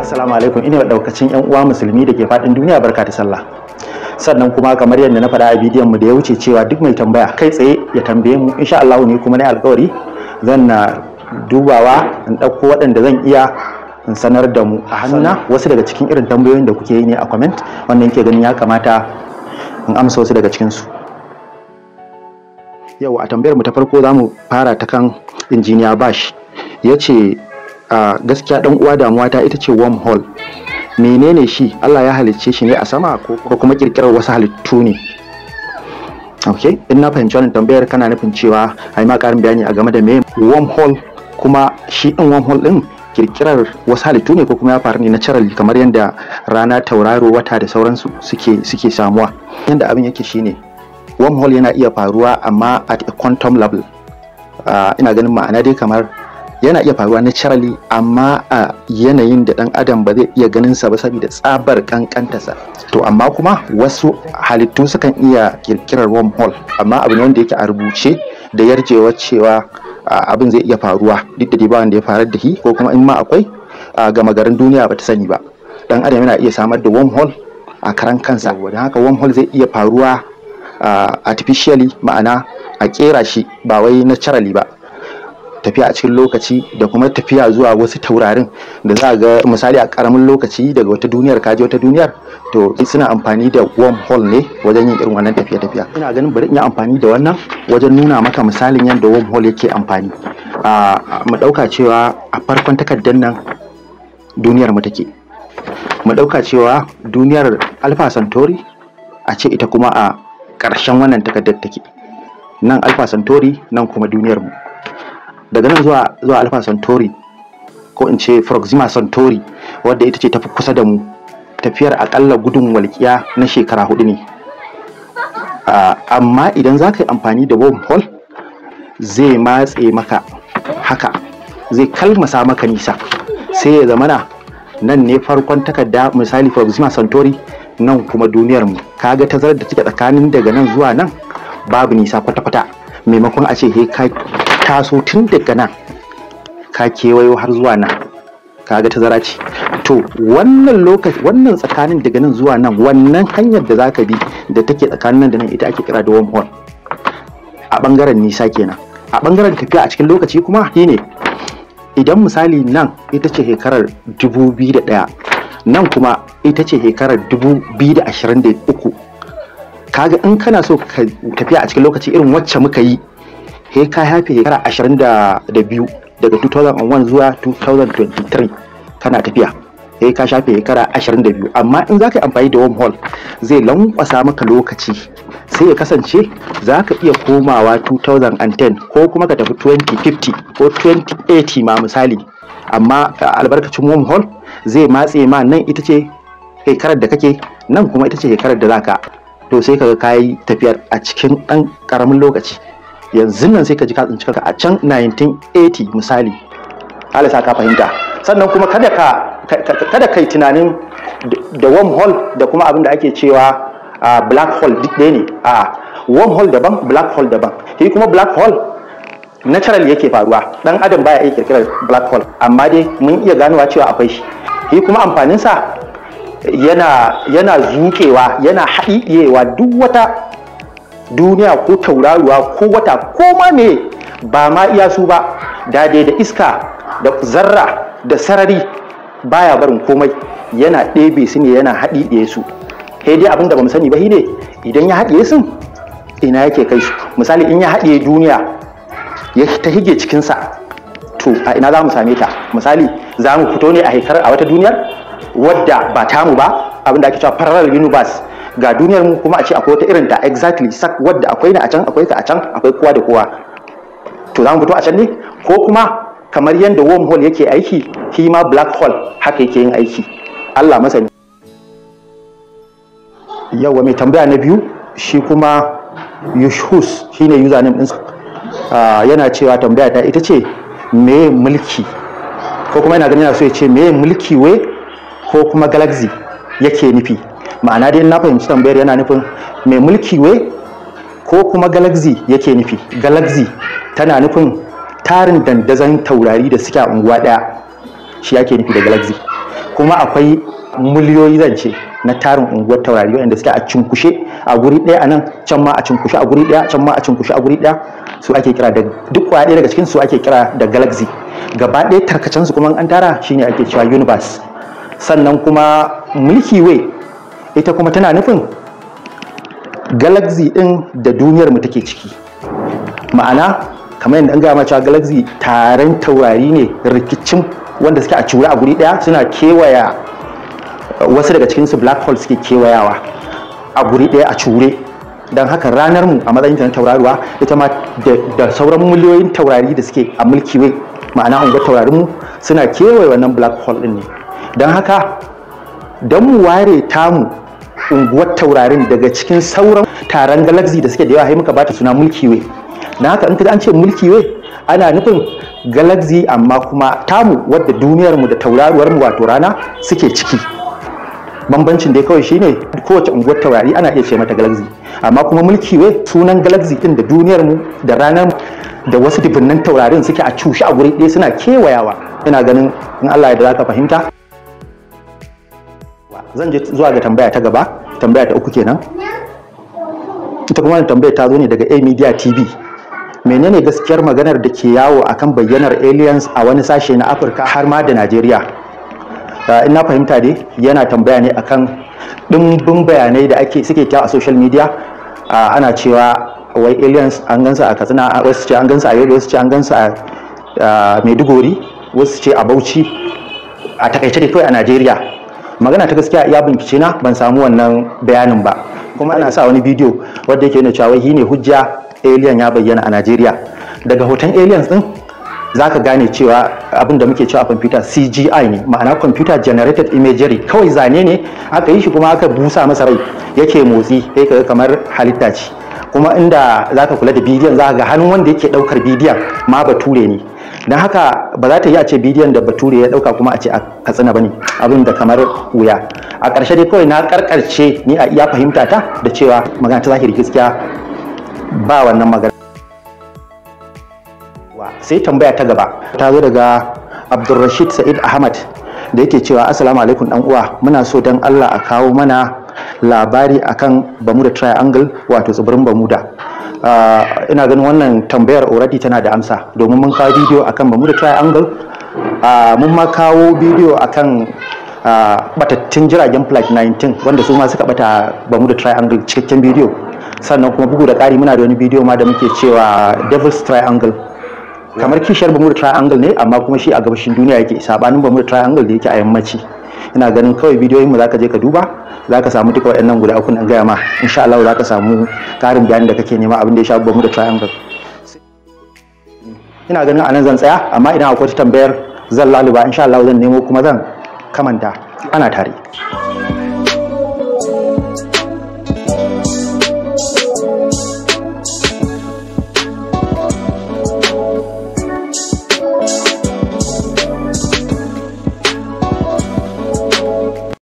Assalamu alaikum ina da daukacin yan uwa musulmi da ke fadin duniya barka da sallah. Sannan kuma kamar yadda na faɗa a bidiyon mu da ya wuce cewa duk mai tambaya kai tsaye ya tambaye mu insha Allah ne kuma na alƙawari zan na dubawa in ɗauko waɗanda zan iya in sanar da mu a hannuna wasu daga cikin irin tambayoyin da kuke yi ne a comment wannan ke ganin ya kamata in amsa wasu daga cikin su. Yau a tambayar mu ta farko za mu fara ta kan injiniya Bash ya ce a gaskiya dan uwa damuwa ta ita ce wormhole menene shi Allah ya halicce shi ne a sama ko kuma kirkirar wasu halittu ne ok in na fahimci wannan tambayar kana nufin cewa a yi karin bayani a game da me wormhole kuma shi din wormhole din kirkirar wasu halittu ne ko kuma ya faru ne na naturally kamar yadda rana tauraro wata da sauransu suke samuwa yadda abin yake shine wormhole yana iya faruwa amma at a quantum level uh, ina ganin ma'ana dai kamar yana iya faruwa naturally amma a yanayin da dan adam ba zai iya ganin sa ba saboda tsabar kankantarsa to amma kuma wasu halittu sukan iya kirkirar wormhole amma abu ne wanda yake a rubuce da yarjewa cewa abin zai iya faruwa duk da ba wanda ya faru da shi ko kuma in ma akwai gama garin duniya ba ta sani ba dan adam yana iya samar da wormhole a karan kansa don haka wormhole zai iya faruwa artificially ma'ana a kera shi ba wai naturally ba tafiya a cikin lokaci da kuma tafiya zuwa wasu taurarin da za a ga misali a karamin lokaci daga wata duniyar kaji wata duniyar to suna amfani da wormhole ne wajen yin irin wannan tafiye-tafiya ina ganin bari in yi amfani da wannan wajen nuna maka misalin yadda wormhole yake amfani mu ɗauka cewa a farkon takardar nan duniyar mu take mu ɗauka cewa duniyar alpha centauri a ce ita kuma a ƙarshen wannan takardar take nan alpha centauri nan kuma duniyar mu daga nan zuwa zuwa alfa santori ko in ce proxima santori wadda ita ce tafi kusa da mu tafiyar akalla gudun walƙiya na shekara hudu ne amma idan za ka yi amfani da wormhole zai matse maka haka zai kalmasa maka nisa sai ya zamana nan ne farkon takarda misali proxima santori nan kuma duniyar mu kaga tazarar da take tsakanin daga nan zuwa nan babu nisa kwata-kwata maimakon a ce he taso tun daga nan ka kewayo har zuwa nan kaga tazara ce to wannan lokaci wannan tsakanin daga nan zuwa nan wannan hanyar da zaka bi da take tsakanin nan da nan ita ake kira da wormhole a bangaren nisa kenan a bangaren tafiya a cikin lokaci kuma shine idan misali nan ita ce shekarar 2001 nan kuma ita ce shekarar 2023 kaga in kana so ka tafiya a cikin lokaci irin wacce muka yi he ka hafe shekara 22 daga 2001 zuwa 2023 kana tafiya he ka shafe shekara 22 amma in za ka yi amfani da wormhole zai lankwasa maka lokaci sai ya kasance za ka iya komawa 2010 ko kuma ka tafi 2050 ko 2080 ma misali amma albarkacin wormhole zai matse ma nan ita ce shekarar da kake nan kuma ita ce shekarar da za ka. to sai ka kaga kayi tafiyar a cikin ɗan ƙaramin lokaci yanzu nan sai ka ji ka tsinci kanka a can 1980 misali sa ka fahimta sannan kuma kada ka kada kai tunanin da wormhole da kuma abin da ake cewa black hole duk ɗaya ne a wormhole daban black hole daban shi kuma black hole natural yake faruwa dan adam baya iya kirkirar black hole amma dai mun iya ganowa cewa akwai shi shi kuma amfaninsa yana yana zukewa yana haɗiɗiyewa duk wata duniya ko tauraruwa ko wata ko ma me ba ma iya su ba da da iska da zarra da sarari baya barin komai yana ɗebe su ne yana haɗi ɗaya su sai dai abin da mu sani ba ne idan ya haɗiye su ina yake kai su misali in ya haɗiye duniya ya ta hige cikinsa to a ina za mu same ta misali za mu fito ne a haikar a wata duniyar wadda ba tamu ba abin da ake cewa parallel universe ga duniyar mu kuma a ce akwai wata irin ta exactly sak wadda akwai na a can akwai ka a can akwai kowa da kowa to za mu fito a can ne ko kuma kamar yadda wormhole yake aiki shi ma black hole haka yake yin aiki Allah masani yawa mai tambaya na biyu shi kuma yushus shine username ɗinsa ah, yana cewa tambaya ta ita ce me mulki ko kuma yana ganin yana so ya ce me mulki we ko kuma galaxy yake nufi ma'ana dai na fahimci tambayar yana nufin mai mulki way ko kuma galaxy yake nufi galaxy tana nufin tarin dandazon taurari da suke a unguwa ɗaya shi yake nufi da galaxy kuma akwai miliyoyi zance na tarin unguwar taurari wanda suke a cinkushe a guri ɗaya a nan can ma a cinkushe a guri ɗaya can ma a cinkushe a guri ɗaya su ake kira da duk kwaya ɗaya daga cikin su ake kira da galaxy gaba ɗaya tarkacen su kuma an tara shine ake cewa universe sannan kuma milky way ita kuma tana nufin galaxy ɗin da duniyar mu take ciki ma'ana kamar yadda an gama cewa galaxy taron taurari ne rikicin wanda suke a cura a guri ɗaya suna kewaya wasu daga cikin su black hole suke kewayawa a guri ɗaya a cure don haka ranar mu a matsayin na tauraruwa ita ma da sauran miliyoyin taurari da suke a mulki wai ma'ana unguwar taurarin mu suna kewaye wannan black hole ɗin ne don haka don mu ware tamu unguwar taurarin daga cikin sauran taron galaxy da suke da yawa muka bata suna mulki way na haka in ka an ce mulki way ana nufin galaxy amma kuma tamu wadda duniyar da tauraruwar mu wato rana suke ciki bambancin dai kawai shine kowace unguwar taurari ana iya ce mata galaxy amma kuma mulki way sunan galaxy din da duniyarmu mu da ranar da wasu dubunnan taurarin suke a cushe a guri ɗaya suna kewayawa ina ganin in Allah ya da ka fahimta zan je zuwa ga tambaya ta gaba tambaya ta uku kenan ita kuma wannan tambaya ta zo ne daga A Media TV menene gaskiyar maganar da ke yawo akan bayyanar aliens a wani sashe na Afirka har ma da Najeriya ah, in na fahimta dai yana tambaya ne akan dimbin bayanai da ake suke ta a social media ah, ana cewa wai aliens an gansa a Katsina wasu ce an gansa a Yobe wasu ce an gansa a ah, Maiduguri wasu ce a Bauchi a takaice dai kawai a Najeriya magana ta gaskiya ya bincike na ban samu wannan bayanin ba kuma ana sa wani bidiyo wanda yake nuna cewa shi ne hujja alien ya bayyana a Najeriya daga hoton aliens din zaka gane cewa abin da muke cewa a computer CGI ne ma'ana computer generated imagery kawai zane ne aka yi shi kuma aka busa masa rai yake motsi kai kamar halitta ce kuma inda za ka kula da bidiyon za ga hannun wanda yake ɗaukar bidiyon ma bature ne don haka ba za ta yi a ce bidiyon da bature ya ɗauka kuma a ce a katsina ba ne abin da kamar wuya a ƙarshe dai kawai na karkarce ni a iya fahimta ta da cewa magana ta zahiri gaskiya ba wannan magana sai tambaya ta gaba ta zo daga abdulrashid sa'id ahmad da yake cewa assalamu alaikum dan uwa muna so dan allah a kawo mana labari akan Bermuda Triangle wato tsibirin Bamuda ah, ina ganin wannan tambayar already tana da amsa domin mun kawo bidiyo akan Bermuda Triangle ah, mun ma kawo bidiyo akan uh, batattun jiragen flight 19 wanda su ma suka bata Bermuda Triangle cikakken bidiyo sannan kuma bugu da ƙari muna da wani bidiyo ma da muke cewa Devil's Triangle kamar kishiyar Bermuda Triangle ne amma kuma shi a gabashin duniya yake sabanin Bamuda Triangle da yake a yammaci ina ganin kawai bidiyoyin mu zaka je ka duba zaka samu duka waɗannan guda uku nan gaya ma insha Allah zaka samu karin bayani da kake nema abin da ya shafi mu da triangle ina ganin anan zan tsaya amma idan akwai tambayar zan laluba insha Allah zan nemo kuma zan kamanta ana tare